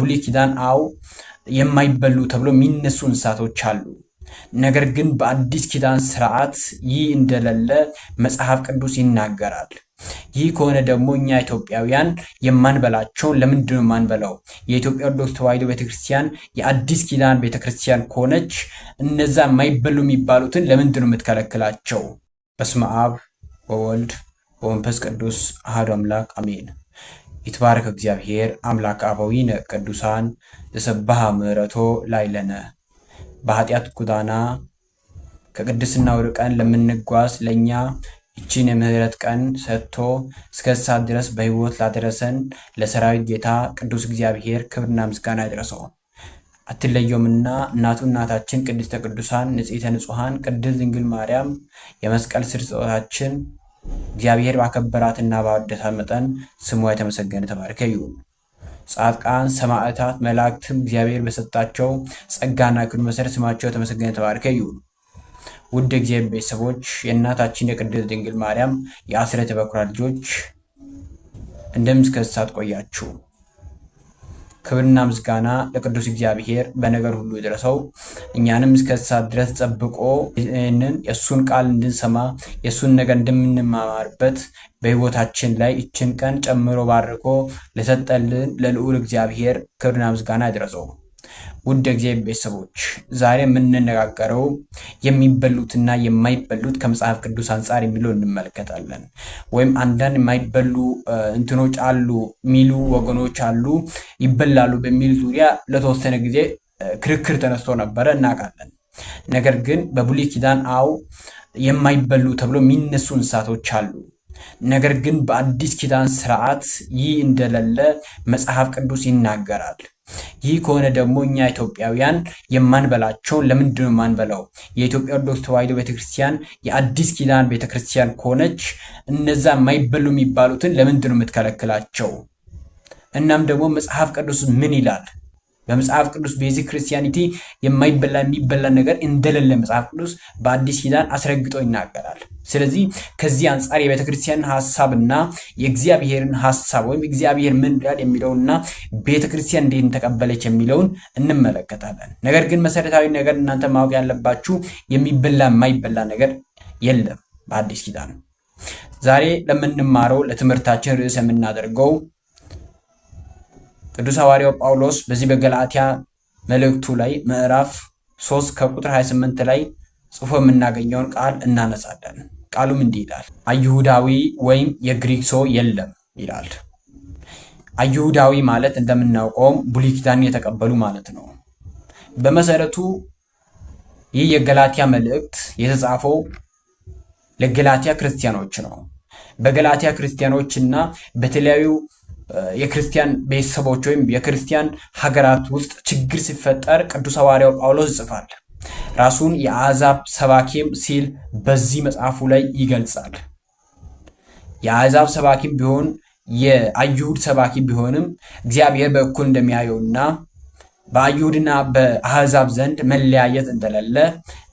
ብሉይ ኪዳን አዎ የማይበሉ ተብሎ የሚነሱ እንስሳቶች አሉ። ነገር ግን በአዲስ ኪዳን ስርዓት ይህ እንደሌለ መጽሐፍ ቅዱስ ይናገራል። ይህ ከሆነ ደግሞ እኛ ኢትዮጵያውያን የማንበላቸውን ለምንድነው የማንበላው? የኢትዮጵያ ኦርቶዶክስ ተዋሕዶ ቤተክርስቲያን የአዲስ ኪዳን ቤተክርስቲያን ከሆነች እነዛ የማይበሉ የሚባሉትን ለምንድነው የምትከለክላቸው? በስመ አብ ወወልድ ወመንፈስ ቅዱስ አሐዱ አምላክ አሜን። ይትባረክ እግዚአብሔር አምላክ አበዊነ ቅዱሳን ዘሰባሃ ምሕረቶ ላዕለነ። በኃጢአት ጎዳና ከቅድስና ወርቀን ለምንጓዝ ለእኛ ይችን የምህረት ቀን ሰጥቶ እስከ ሰዓት ድረስ በሕይወት ላደረሰን ለሰራዊት ጌታ ቅዱስ እግዚአብሔር ክብርና ምስጋና ይድረሰው። አትለየውምና እናቱ እናታችን ቅድስተ ቅዱሳን ንጽሕተ ንጹሐን ቅድስት ድንግል ማርያም የመስቀል ስር ጸሎታችን እግዚአብሔር ባከበራትና ባወደሳት መጠን ስሟ የተመሰገነ ተባረከ ይሁን። ጻድቃን፣ ሰማዕታት፣ መላእክትም እግዚአብሔር በሰጣቸው ጸጋና ክዱ መሰረት ስማቸው የተመሰገነ ተባረከ ይሁን። ውድ እግዚአብሔር ቤተሰቦች የእናታችን የቅድስት ድንግል ማርያም የአስራት የበኩራት ልጆች እንደምን ቆያችሁ? ክብርና ምስጋና ለቅዱስ እግዚአብሔር በነገር ሁሉ ይድረሰው። እኛንም እስከ ሰዓት ድረስ ጠብቆ ይህንን የእሱን ቃል እንድንሰማ የእሱን ነገር እንደምንማማርበት በሕይወታችን ላይ ይችን ቀን ጨምሮ ባርኮ ለሰጠልን ለልዑል እግዚአብሔር ክብርና ምስጋና ይድረሰው። ውድ ጊዜ ቤተሰቦች ዛሬ የምንነጋገረው የሚበሉትና የማይበሉት ከመጽሐፍ ቅዱስ አንጻር የሚለው እንመለከታለን። ወይም አንዳንድ የማይበሉ እንትኖች አሉ የሚሉ ወገኖች አሉ፣ ይበላሉ በሚል ዙሪያ ለተወሰነ ጊዜ ክርክር ተነስቶ ነበረ እናውቃለን። ነገር ግን በብሉይ ኪዳን አው የማይበሉ ተብሎ የሚነሱ እንስሳቶች አሉ ነገር ግን በአዲስ ኪዳን ስርዓት ይህ እንደሌለ መጽሐፍ ቅዱስ ይናገራል። ይህ ከሆነ ደግሞ እኛ ኢትዮጵያውያን የማንበላቸውን ለምንድን ነው የማንበላው? የኢትዮጵያ ኦርቶዶክስ ተዋሕዶ ቤተክርስቲያን የአዲስ ኪዳን ቤተክርስቲያን ከሆነች እነዛ የማይበሉ የሚባሉትን ለምንድን ነው የምትከለክላቸው? እናም ደግሞ መጽሐፍ ቅዱስ ምን ይላል? በመጽሐፍ ቅዱስ ቤዚክ ክርስቲያኒቲ የማይበላ የሚበላ ነገር እንደሌለ መጽሐፍ ቅዱስ በአዲስ ኪዳን አስረግጦ ይናገራል። ስለዚህ ከዚህ አንጻር የቤተ ሀሳብና የእግዚአብሔርን ሀሳብ ወይም እግዚአብሔር ምን ይላል የሚለውንና ቤተ ክርስቲያን እንዴት ተቀበለች የሚለውን እንመለከታለን። ነገር ግን መሰረታዊ ነገር እናንተ ማወቅ ያለባችሁ የሚበላ የማይበላ ነገር የለም በአዲስ ኪዳን። ዛሬ ለምንማረው ለትምህርታችን ርዕስ የምናደርገው ቅዱስ ሐዋርያው ጳውሎስ በዚህ በገላትያ መልእክቱ ላይ ምዕራፍ 3 ከቁጥር 28 ላይ ጽፎ የምናገኘውን ቃል እናነሳለን። ቃሉም እንዲህ ይላል፣ አይሁዳዊ ወይም የግሪክ ሰው የለም ይላል። አይሁዳዊ ማለት እንደምናውቀውም ብሉይ የተቀበሉ ማለት ነው። በመሰረቱ ይህ የገላትያ መልእክት የተጻፈው ለገላትያ ክርስቲያኖች ነው። በገላትያ ክርስቲያኖችና በተለያዩ የክርስቲያን ቤተሰቦች ወይም የክርስቲያን ሀገራት ውስጥ ችግር ሲፈጠር ቅዱስ ሐዋርያው ጳውሎስ ይጽፋል። ራሱን የአሕዛብ ሰባኪም ሲል በዚህ መጽሐፉ ላይ ይገልጻል። የአሕዛብ ሰባኪም ቢሆን የአይሁድ ሰባኪ ቢሆንም እግዚአብሔር በእኩል እንደሚያየውና በአይሁድና በአሕዛብ ዘንድ መለያየት እንደሌለ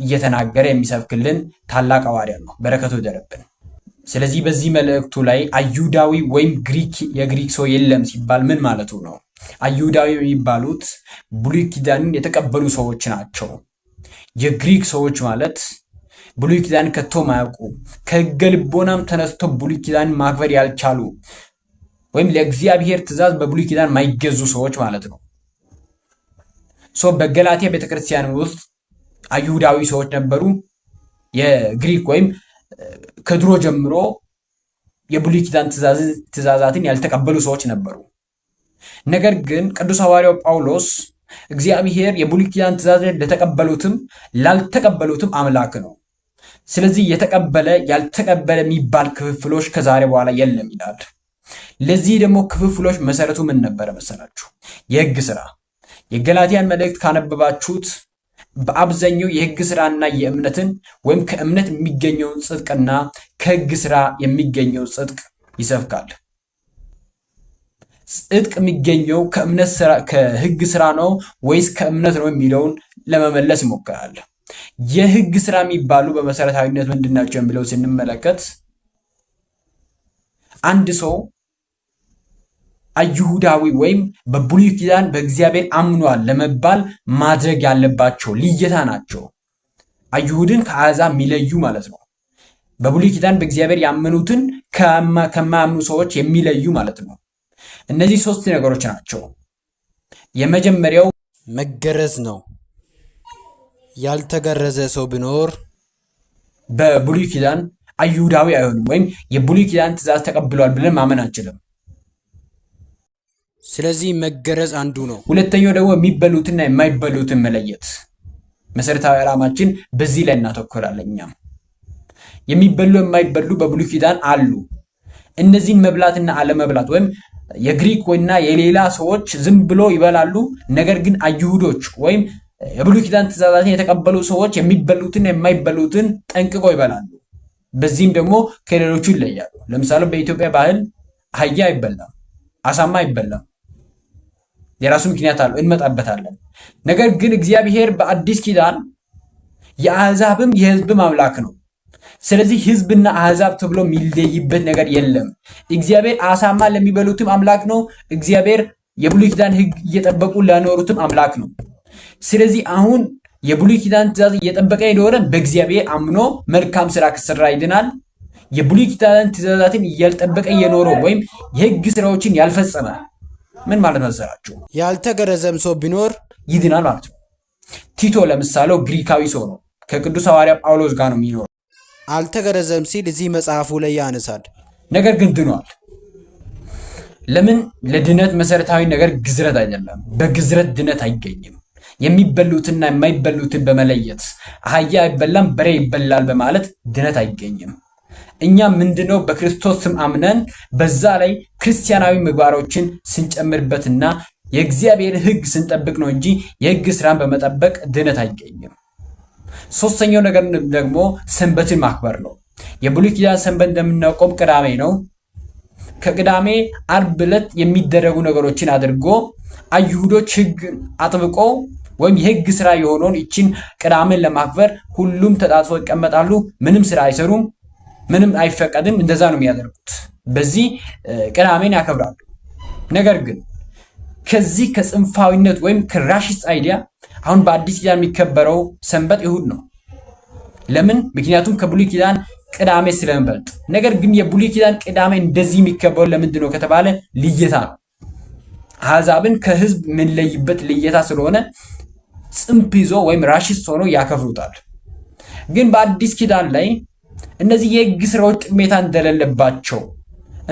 እየተናገረ የሚሰብክልን ታላቅ ሐዋርያ ነው። በረከቱ ይደረብን። ስለዚህ በዚህ መልእክቱ ላይ አይሁዳዊ ወይም ግሪክ የግሪክ ሰው የለም ሲባል ምን ማለቱ ነው? አይሁዳዊ የሚባሉት ብሉይ ኪዳንን የተቀበሉ ሰዎች ናቸው። የግሪክ ሰዎች ማለት ብሉይ ኪዳን ከቶ ማያውቁ ከሕገ ልቦናም ተነስቶ ብሉይ ኪዳን ማክበር ያልቻሉ ወይም ለእግዚአብሔር ትእዛዝ በብሉይ ኪዳን ማይገዙ ሰዎች ማለት ነው። ሶ በገላትያ ቤተክርስቲያን ውስጥ አይሁዳዊ ሰዎች ነበሩ። የግሪክ ወይም ከድሮ ጀምሮ የብሉይ ኪዳን ትእዛዛትን ያልተቀበሉ ሰዎች ነበሩ። ነገር ግን ቅዱስ ሐዋርያው ጳውሎስ እግዚአብሔር የብሉይ ኪዳን ትእዛዝ ለተቀበሉትም ላልተቀበሉትም አምላክ ነው። ስለዚህ የተቀበለ ያልተቀበለ የሚባል ክፍፍሎች ከዛሬ በኋላ የለም ይላል። ለዚህ ደግሞ ክፍፍሎች መሰረቱ ምን ነበረ መሰላችሁ? የህግ ስራ። የገላትያን መልእክት ካነበባችሁት በአብዛኛው የህግ ስራና የእምነትን ወይም ከእምነት የሚገኘውን ጽድቅና ከህግ ስራ የሚገኘው ጽድቅ ይሰብካል። ጽድቅ የሚገኘው ከእምነት ስራ ከህግ ስራ ነው ወይስ ከእምነት ነው የሚለውን ለመመለስ ይሞክራል። የህግ ስራ የሚባሉ በመሰረታዊነት ምንድናቸው ናቸው የሚለው ስንመለከት አንድ ሰው አይሁዳዊ ወይም በብሉይ ኪዳን በእግዚአብሔር አምኗል ለመባል ማድረግ ያለባቸው ልየታ ናቸው። አይሁድን ከአዛ የሚለዩ ማለት ነው። በብሉይ ኪዳን በእግዚአብሔር ያመኑትን ከማያምኑ ሰዎች የሚለዩ ማለት ነው። እነዚህ ሶስት ነገሮች ናቸው። የመጀመሪያው መገረዝ ነው። ያልተገረዘ ሰው ቢኖር በብሉይ ኪዳን አይሁዳዊ አይሆንም ወይም የብሉይ ኪዳን ትእዛዝ ተቀብሏል ብለን ማመን አንችልም። ስለዚህ መገረዝ አንዱ ነው። ሁለተኛው ደግሞ የሚበሉትና የማይበሉትን መለየት። መሰረታዊ ዓላማችን በዚህ ላይ እናተኮራለን። እኛም የሚበሉ የማይበሉ በብሉይ ኪዳን አሉ። እነዚህን መብላትና አለመብላት ወይም የግሪክ ወይና የሌላ ሰዎች ዝም ብሎ ይበላሉ። ነገር ግን አይሁዶች ወይም የብሉይ ኪዳን ትእዛዛትን የተቀበሉ ሰዎች የሚበሉትን የማይበሉትን ጠንቅቆ ይበላሉ። በዚህም ደግሞ ከሌሎቹ ይለያሉ። ለምሳሌ በኢትዮጵያ ባህል አህያ አይበላም፣ አሳማ አይበላም። የራሱ ምክንያት አለው፣ እንመጣበታለን። ነገር ግን እግዚአብሔር በአዲስ ኪዳን የአሕዛብም የሕዝብም አምላክ ነው። ስለዚህ ሕዝብና አሕዛብ ተብሎ የሚለይበት ነገር የለም። እግዚአብሔር አሳማ ለሚበሉትም አምላክ ነው። እግዚአብሔር የብሉይ ኪዳን ሕግ እየጠበቁ ለኖሩትም አምላክ ነው። ስለዚህ አሁን የብሉይ ኪዳን ትእዛዝ እየጠበቀ የኖረ በእግዚአብሔር አምኖ መልካም ስራ ከሰራ ይድናል። የብሉይ ኪዳን ትእዛዛትን ያልጠበቀ የኖረው ወይም የሕግ ስራዎችን ያልፈጸመ ምን ማለት መሰላችሁ? ያልተገረዘም ሰው ቢኖር ይድናል ማለት ነው። ቲቶ ለምሳሌው ግሪካዊ ሰው ነው። ከቅዱስ ሐዋርያ ጳውሎስ ጋር ነው የሚኖረው። አልተገረዘም ሲል እዚህ መጽሐፉ ላይ ያነሳል። ነገር ግን ድኗል። ለምን? ለድነት መሰረታዊ ነገር ግዝረት አይደለም። በግዝረት ድነት አይገኝም። የሚበሉትና የማይበሉትን በመለየት አህያ አይበላም በሬ ይበላል በማለት ድነት አይገኝም። እኛ ምንድነው በክርስቶስ ስም አምነን በዛ ላይ ክርስቲያናዊ ምግባሮችን ስንጨምርበትና የእግዚአብሔር ሕግ ስንጠብቅ ነው እንጂ የሕግ ስራን በመጠበቅ ድነት አይገኝም። ሶስተኛው ነገር ደግሞ ሰንበትን ማክበር ነው። የብሉይ ኪዳን ሰንበት እንደምናውቀው ቅዳሜ ነው። ከቅዳሜ አርብ ዕለት የሚደረጉ ነገሮችን አድርጎ አይሁዶች ሕግ አጥብቆ ወይም የሕግ ስራ የሆነውን ይችን ቅዳሜን ለማክበር ሁሉም ተጣጥፎ ይቀመጣሉ። ምንም ስራ አይሰሩም። ምንም አይፈቀድም። እንደዛ ነው የሚያደርጉት። በዚህ ቅዳሜን ያከብራሉ። ነገር ግን ከዚህ ከጽንፋዊነት ወይም ከራሽስት አይዲያ አሁን በአዲስ ኪዳን የሚከበረው ሰንበት ይሁድ ነው። ለምን? ምክንያቱም ከብሉይ ኪዳን ቅዳሜ ስለምበልጥ። ነገር ግን የብሉይ ኪዳን ቅዳሜ እንደዚህ የሚከበረው ለምንድን ነው ከተባለ ልየታ ነው። አሕዛብን ከህዝብ የምንለይበት ልየታ ስለሆነ ጽንፍ ይዞ ወይም ራሽስት ሆኖ ያከብሩታል። ግን በአዲስ ኪዳን ላይ እነዚህ የህግ ስራዎች ጥሜታ እንደሌለባቸው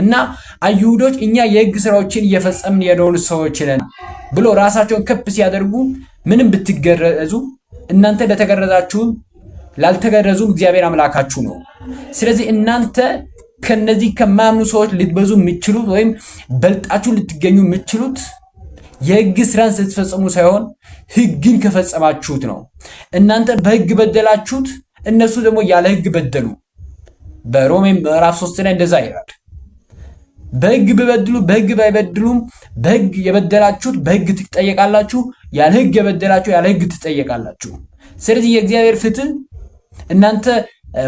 እና አይሁዶች እኛ የህግ ስራዎችን እየፈጸምን የኖሩ ሰዎች ነን ብሎ ራሳቸውን ከፍ ሲያደርጉ ምንም ብትገረዙ እናንተ ለተገረዛችሁም ላልተገረዙም እግዚአብሔር አምላካችሁ ነው። ስለዚህ እናንተ ከነዚህ ከማያምኑ ሰዎች ልትበዙ የምችሉት ወይም በልጣችሁ ልትገኙ የምችሉት የህግ ስራን ስትፈጽሙ ሳይሆን ህግን ከፈጸማችሁት ነው። እናንተ በህግ በደላችሁት እነሱ ደግሞ ያለ ህግ በደሉ። በሮሜ ምዕራፍ 3 ላይ እንደዛ ይላል። በህግ ቢበድሉ በህግ ባይበድሉም በህግ የበደላችሁት በህግ ትጠየቃላችሁ፣ ያለ ህግ የበደላችሁ ያለ ህግ ትጠየቃላችሁ። ስለዚህ የእግዚአብሔር ፍትህ እናንተ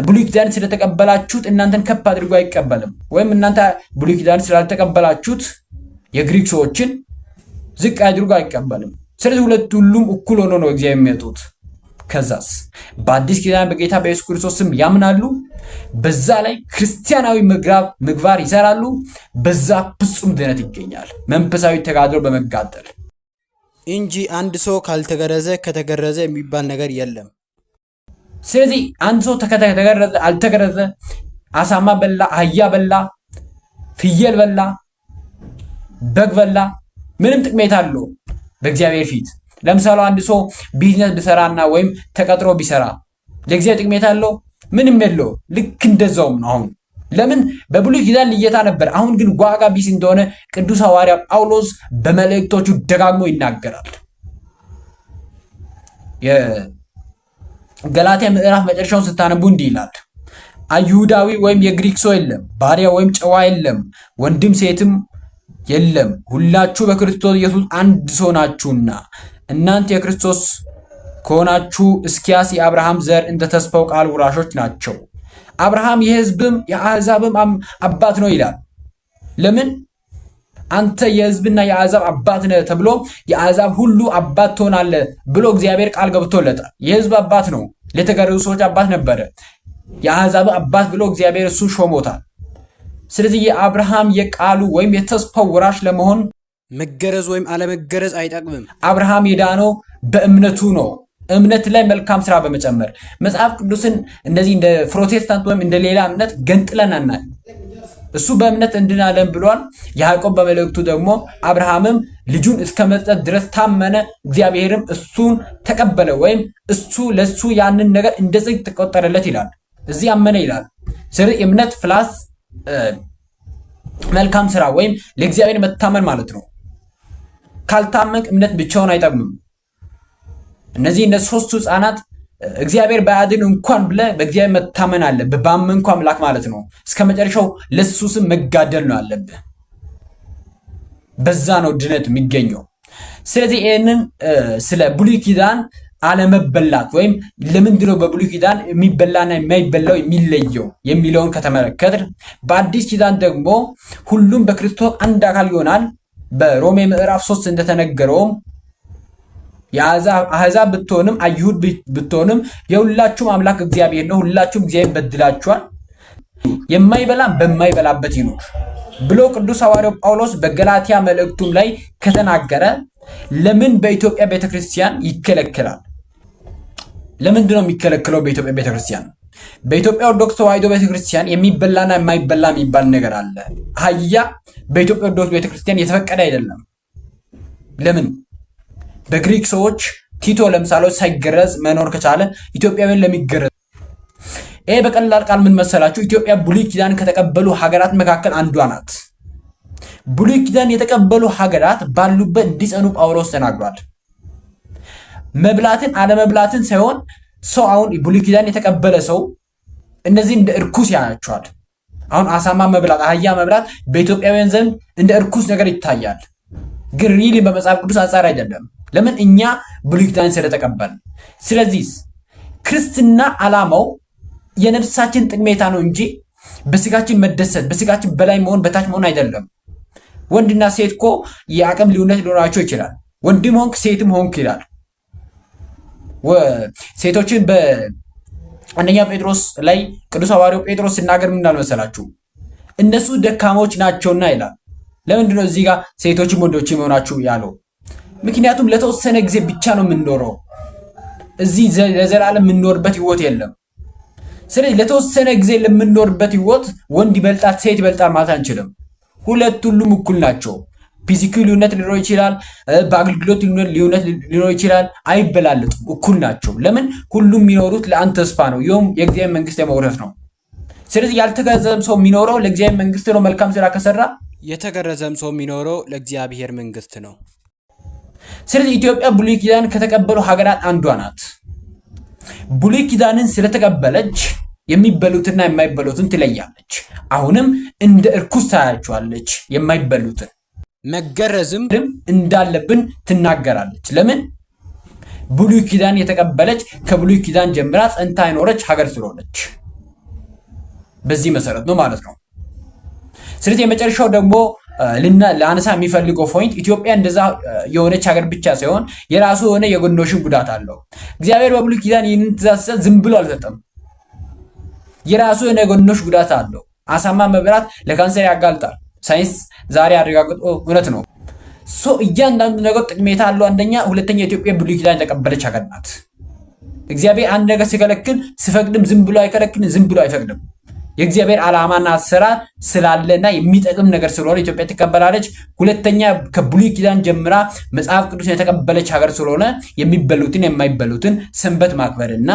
ብሉይ ኪዳን ስለተቀበላችሁት እናንተን ከፍ አድርጎ አይቀበልም። ወይም እናንተ ብሉይ ኪዳን ስላልተቀበላችሁት የግሪክ ሰዎችን ዝቅ አድርጎ አይቀበልም። ስለዚህ ሁለት ሁሉም እኩል ሆኖ ነው እግዚአብሔር የሚያጡት። ከዛስ በአዲስ ኪዳን በጌታ በኢየሱስ ክርስቶስም ያምናሉ። በዛ ላይ ክርስቲያናዊ ምግባር ይሰራሉ። በዛ ፍጹም ድነት ይገኛል። መንፈሳዊ ተጋድሎ በመጋጠል እንጂ አንድ ሰው ካልተገረዘ ከተገረዘ የሚባል ነገር የለም። ስለዚህ አንድ ሰው ከተገረዘ አልተገረዘ፣ አሳማ በላ፣ አህያ በላ፣ ፍየል በላ፣ በግ በላ ምንም ጥቅሜት አለው በእግዚአብሔር ፊት ለምሳሌ አንድ ሰው ቢዝነስ ቢሰራና ወይም ተቀጥሮ ቢሰራ ለጊዜ ጥቅሜት አለው? ምንም የለው። ልክ እንደዛውም ነው። አሁን ለምን በብሉይ ኪዳን ልየታ ነበር፣ አሁን ግን ዋጋ ቢስ እንደሆነ ቅዱስ ሐዋርያ ጳውሎስ በመልእክቶቹ ደጋግሞ ይናገራል። የገላትያ ምዕራፍ መጨረሻውን ስታነቡ እንዲህ ይላል አይሁዳዊ ወይም የግሪክ ሰው የለም፣ ባሪያ ወይም ጨዋ የለም፣ ወንድም ሴትም የለም፣ ሁላችሁ በክርስቶስ ኢየሱስ አንድ ሰው ናችሁና እናንተ የክርስቶስ ከሆናችሁ እስኪያስ የአብርሃም ዘር እንደ ተስፋው ቃል ወራሾች ናቸው። አብርሃም የህዝብም የአሕዛብም አባት ነው ይላል። ለምን አንተ የህዝብና የአሕዛብ አባት ነህ ተብሎ የአሕዛብ ሁሉ አባት ትሆናለህ ብሎ እግዚአብሔር ቃል ገብቶለታል። የህዝብ አባት ነው፣ ለተገረዙ ሰዎች አባት ነበረ። የአሕዛብ አባት ብሎ እግዚአብሔር እሱ ሾሞታል። ስለዚህ የአብርሃም የቃሉ ወይም የተስፋው ወራሽ ለመሆን መገረዝ ወይም አለመገረዝ አይጠቅምም። አብርሃም የዳነው በእምነቱ ነው። እምነት ላይ መልካም ስራ በመጨመር መጽሐፍ ቅዱስን እንደዚህ እንደ ፕሮቴስታንት ወይም እንደ ሌላ እምነት ገንጥለን አናል። እሱ በእምነት እንድናለን ብሏል። ያዕቆብ በመልእክቱ ደግሞ አብርሃምም ልጁን እስከ መስጠት ድረስ ታመነ፣ እግዚአብሔርም እሱን ተቀበለ ወይም እሱ ለሱ ያንን ነገር እንደ ጽድቅ ተቆጠረለት ይላል። እዚህ አመነ ይላል። ስለዚህ እምነት ፍላስ መልካም ስራ ወይም ለእግዚአብሔር መታመን ማለት ነው። ካልታመቅ እምነት ብቻውን አይጠቅምም። እነዚህ እነ ሶስቱ ህፃናት እግዚአብሔር ባያድን እንኳን ብለ በእግዚአብሔር መታመን አለብህ። ባመንኩ አምላክ ማለት ነው። እስከ መጨረሻው ለሱ ስም መጋደል ነው አለብህ። በዛ ነው ድነት የሚገኘው። ስለዚህ ይህንን ስለ ብሉይ ኪዳን አለመበላት ወይም ነው በብሉይ ኪዳን የሚበላና የማይበላው የሚለየው የሚለውን ከተመለከትን በአዲስ ኪዳን ደግሞ ሁሉም በክርስቶስ አንድ አካል ይሆናል። በሮሜ ምዕራፍ 3 እንደተነገረውም አሕዛብ ብትሆንም አይሁድ ብትሆንም የሁላችሁም አምላክ እግዚአብሔር ነው፣ ሁላችሁም እግዚአብሔር በድላችኋል፣ የማይበላም በማይበላበት ይኑር ብሎ ቅዱስ ሐዋርያው ጳውሎስ በገላትያ መልእክቱም ላይ ከተናገረ ለምን በኢትዮጵያ ቤተክርስቲያን ይከለከላል? ለምንድን ነው የሚከለክለው በኢትዮጵያ ቤተክርስቲያን? በኢትዮጵያ ኦርቶዶክስ ተዋሕዶ ቤተክርስቲያን የሚበላና የማይበላ የሚባል ነገር አለ። አህያ በኢትዮጵያ ኦርቶዶክስ ቤተክርስቲያን የተፈቀደ አይደለም። ለምን? በግሪክ ሰዎች ቲቶ ለምሳሌ ሳይገረዝ መኖር ከቻለ ኢትዮጵያውያን ለሚገረዝ ይሄ በቀላል ቃል ምን መሰላችሁ? ኢትዮጵያ ብሉይ ኪዳን ከተቀበሉ ሀገራት መካከል አንዷ ናት። ብሉይ ኪዳን የተቀበሉ ሀገራት ባሉበት እንዲጸኑ ጳውሎስ ተናግሯል። መብላትን አለመብላትን ሳይሆን ሰው አሁን ብሉይ ኪዳን የተቀበለ ሰው እነዚህ እንደ እርኩስ ያያቸዋል። አሁን አሳማ መብላት፣ አህያ መብላት በኢትዮጵያውያን ዘንድ እንደ እርኩስ ነገር ይታያል። ግን ሪሊ በመጽሐፍ ቅዱስ አንጻር አይደለም። ለምን እኛ ብሉይ ኪዳን ስለተቀበል። ስለዚህ ክርስትና አላማው የነፍሳችን ጥቅሜታ ነው እንጂ በስጋችን መደሰት፣ በስጋችን በላይ መሆን፣ በታች መሆን አይደለም። ወንድና ሴት እኮ የአቅም ልዩነት ሊኖራቸው ይችላል። ወንድም ሆንክ ሴትም ሆንክ ይላል ሴቶችን በአንደኛ ጴጥሮስ ላይ ቅዱስ ሐዋርያው ጴጥሮስ ሲናገር ምን እንዳልመሰላችሁ እነሱ ደካሞች ናቸውና ይላል። ለምንድነው እዚህ ጋር ሴቶችም ወንዶችም የሆናችሁ ያለው? ምክንያቱም ለተወሰነ ጊዜ ብቻ ነው የምንኖረው። እዚህ ለዘላለም የምንኖርበት ህይወት የለም። ስለዚህ ለተወሰነ ጊዜ ለምንኖርበት ህይወት ወንድ ይበልጣል፣ ሴት ይበልጣል ማለት አንችልም። ሁለት ሁሉም እኩል ናቸው። ፊዚክ ልዩነት ሊኖር ይችላል፣ በአገልግሎት ልዩነት ሊኖር ይችላል። አይበላለጡም፣ እኩል ናቸው። ለምን ሁሉም የሚኖሩት ለአንድ ተስፋ ነው፣ ይኸውም የእግዚአብሔር መንግስት የመውረስ ነው። ስለዚህ ያልተገረዘም ሰው የሚኖረው ለእግዚአብሔር መንግስት ነው፣ መልካም ስራ ከሰራ። የተገረዘም ሰው የሚኖረው ለእግዚአብሔር መንግስት ነው። ስለዚህ ኢትዮጵያ ብሉይ ኪዳን ከተቀበሉ ሀገራት አንዷ ናት። ብሉይ ኪዳንን ስለተቀበለች የሚበሉትና የማይበሉትን ትለያለች። አሁንም እንደ እርኩስ ታያቸዋለች የማይበሉትን መገረዝም እንዳለብን ትናገራለች። ለምን? ብሉይ ኪዳን የተቀበለች ከብሉይ ኪዳን ጀምራ ጸንታ አይኖረች ሀገር ስለሆነች በዚህ መሰረት ነው ማለት ነው። ስለዚህ የመጨረሻው ደግሞ ለአነሳ የሚፈልገው ፖይንት ኢትዮጵያ እንደዛ የሆነች ሀገር ብቻ ሳይሆን የራሱ የሆነ የጎኖሽን ጉዳት አለው። እግዚአብሔር በብሉይ ኪዳን ይህንን ትእዛዝ ሲሰጥ ዝም ብሎ አልሰጠም። የራሱ የሆነ የጎኖሽ ጉዳት አለው። አሳማ መብላት ለካንሰር ያጋልጣል። ሳይንስ ዛሬ አረጋግጦ እውነት ነው። ሶ እያንዳንዱ ነገር ጥቅሜታ አለው። አንደኛ፣ ሁለተኛ ኢትዮጵያ ብሉይ ኪዳን የተቀበለች ሀገር ናት። እግዚአብሔር አንድ ነገር ሲከለክል ሲፈቅድም ዝም ብሎ አይከለክልም፣ ዝም ብሎ አይፈቅድም። የእግዚአብሔር ዓላማና አሰራር ስላለና የሚጠቅም ነገር ስለሆነ ኢትዮጵያ ትቀበላለች። ሁለተኛ ከብሉይ ኪዳን ጀምራ መጽሐፍ ቅዱስን የተቀበለች ሀገር ስለሆነ የሚበሉትን የማይበሉትን ሰንበት ማክበርና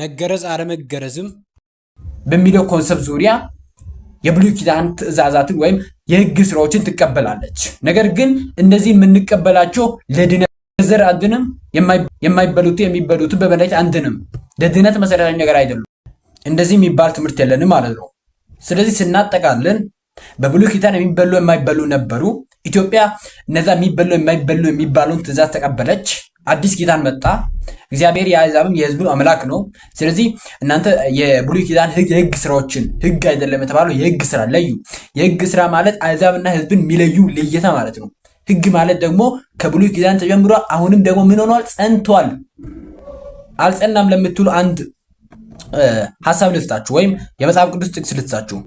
መገረዝ አለመገረዝም በሚለው ኮንሰፕት ዙሪያ የብሉይ ኪዳን ትእዛዛትን ወይም የህግ ስራዎችን ትቀበላለች። ነገር ግን እነዚህ የምንቀበላቸው ለድነት ዘር አንድንም የማይበሉት የሚበሉት በበላይ አንድንም ለድነት መሰረታዊ ነገር አይደሉም። እንደዚህ የሚባል ትምህርት የለንም ማለት ነው። ስለዚህ ስናጠቃለን በብሉይ ኪዳን የሚበሉ የማይበሉ ነበሩ። ኢትዮጵያ እነዛ የሚበሉ የማይበሉ የሚባሉን ትእዛዝ ተቀበለች። አዲስ ኪዳን መጣ። እግዚአብሔር የአሕዛብም የሕዝቡ አምላክ ነው። ስለዚህ እናንተ የብሉይ ኪዳን የህግ ስራዎችን ህግ አይደለም የተባለው የህግ ስራ ለዩ። የህግ ስራ ማለት አሕዛብና ሕዝብን የሚለዩ ልየታ ማለት ነው። ህግ ማለት ደግሞ ከብሉይ ኪዳን ተጀምሮ አሁንም ደግሞ ምን ሆኗል? ጸንቷል። አልጸናም ለምትሉ አንድ ሀሳብ ልፍታችሁ ወይም የመጽሐፍ ቅዱስ ጥቅስ ልፍታችሁ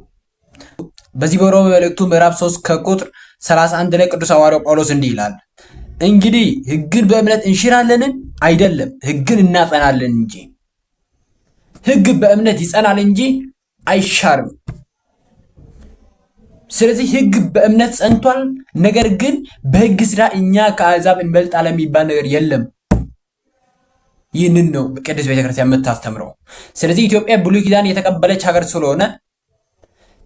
በዚህ በሮሜ መልእክቱ ምዕራፍ 3 ከቁጥር 31 ላይ ቅዱስ ሐዋርያው ጳውሎስ እንዲህ ይላል እንግዲህ ህግን በእምነት እንሽራለንን? አይደለም፣ ህግን እናጸናለን እንጂ። ህግ በእምነት ይጸናል እንጂ አይሻርም። ስለዚህ ህግ በእምነት ጸንቷል። ነገር ግን በህግ ስራ እኛ ከአሕዛብ እንበልጣለን የሚባል ነገር የለም። ይህንን ነው ቅድስት ቤተክርስቲያን የምታስተምረው። ስለዚህ ኢትዮጵያ ብሉይ ኪዳን የተቀበለች ሀገር ስለሆነ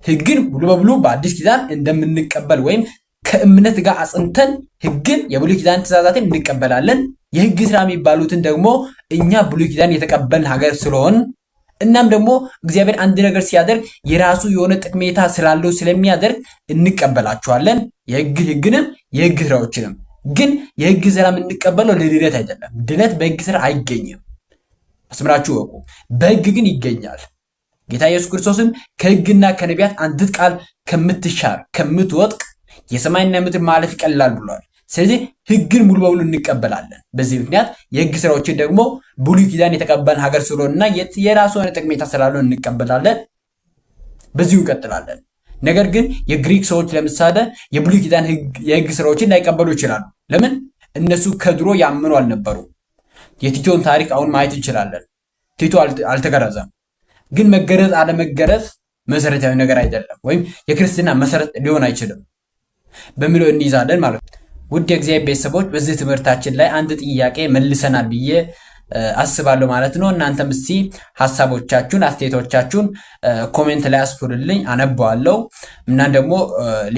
ህግን ሙሉ በሙሉ በአዲስ ኪዳን እንደምንቀበል ወይም ከእምነት ጋር አጽንተን ህግን የብሉይ ኪዳን ትእዛዛትን እንቀበላለን። የህግ ስራ የሚባሉትን ደግሞ እኛ ብሉይ ኪዳን የተቀበልን ሀገር ስለሆን እናም ደግሞ እግዚአብሔር አንድ ነገር ሲያደርግ የራሱ የሆነ ጥቅሜታ ስላለው ስለሚያደርግ እንቀበላቸዋለን። የህግ ህግንም የህግ ስራዎችንም ግን የህግ ስራ የምንቀበለው ለድነት አይደለም። ድነት በህግ ስራ አይገኝም። አስምራችሁ ወቁ። በህግ ግን ይገኛል። ጌታ ኢየሱስ ክርስቶስም ከህግና ከነቢያት አንዲት ቃል ከምትሻር ከምትወጥቅ የሰማይና ምድር ማለፍ ይቀላል ብሏል። ስለዚህ ህግን ሙሉ በሙሉ እንቀበላለን። በዚህ ምክንያት የህግ ስራዎችን ደግሞ ብሉይ ኪዳን የተቀበልን ሀገር ስለሆንና የራሱ የሆነ ጥቅሜታ ስላለን እንቀበላለን። በዚሁ እንቀጥላለን። ነገር ግን የግሪክ ሰዎች ለምሳሌ የብሉይ ኪዳን የህግ ስራዎችን ላይቀበሉ ይችላሉ። ለምን? እነሱ ከድሮ ያምኑ አልነበሩ። የቲቶን ታሪክ አሁን ማየት እንችላለን። ቲቶ አልተገረዘም፣ ግን መገረዝ አለመገረዝ መሰረታዊ ነገር አይደለም፣ ወይም የክርስትና መሰረት ሊሆን አይችልም። በሚለው እንይዛለን ማለት ነው። ውድ የእግዚአብሔር ቤተሰቦች በዚህ ትምህርታችን ላይ አንድ ጥያቄ መልሰናል ብዬ አስባለሁ ማለት ነው። እናንተም እስቲ ሀሳቦቻችሁን፣ አስተያየቶቻችሁን ኮሜንት ላይ አስፍሩልኝ፣ አነባዋለሁ። እናም ደግሞ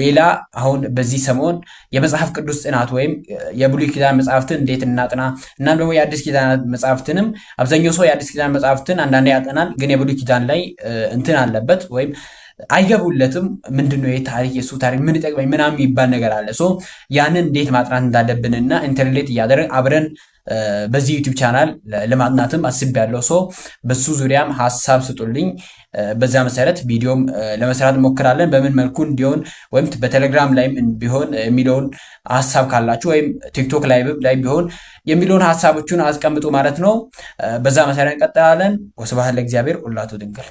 ሌላ አሁን በዚህ ሰሞን የመጽሐፍ ቅዱስ ጥናት ወይም የብሉይ ኪዳን መጽሐፍትን እንዴት እናጥና፣ እናም ደግሞ የአዲስ ኪዳን መጽሐፍትንም አብዛኛው ሰው የአዲስ ኪዳን መጽሐፍትን አንዳንዴ ያጠናል፣ ግን የብሉይ ኪዳን ላይ እንትን አለበት ወይም አይገቡለትም። ምንድነው የታሪክ የሱ ታሪክ ምን ይጠቅመኝ ምናምን የሚባል ነገር አለ። ሶ ያንን እንዴት ማጥናት እንዳለብንና ኢንተርሌት እያደረግን አብረን በዚህ ዩቲዩብ ቻናል ለማጥናትም አስቤያለሁ። ሶ በሱ ዙሪያም ሀሳብ ስጡልኝ። በዛ መሰረት ቪዲዮም ለመስራት እንሞክራለን። በምን መልኩ እንዲሆን ወይም በቴሌግራም ላይም ቢሆን የሚለውን ሀሳብ ካላችሁ ወይም ቲክቶክ ላይ ላይ ቢሆን የሚለውን ሀሳቦቹን አስቀምጡ ማለት ነው። በዛ መሰረት እንቀጥላለን። ወስብሐት ለእግዚአብሔር ወስብሐት ድንግል።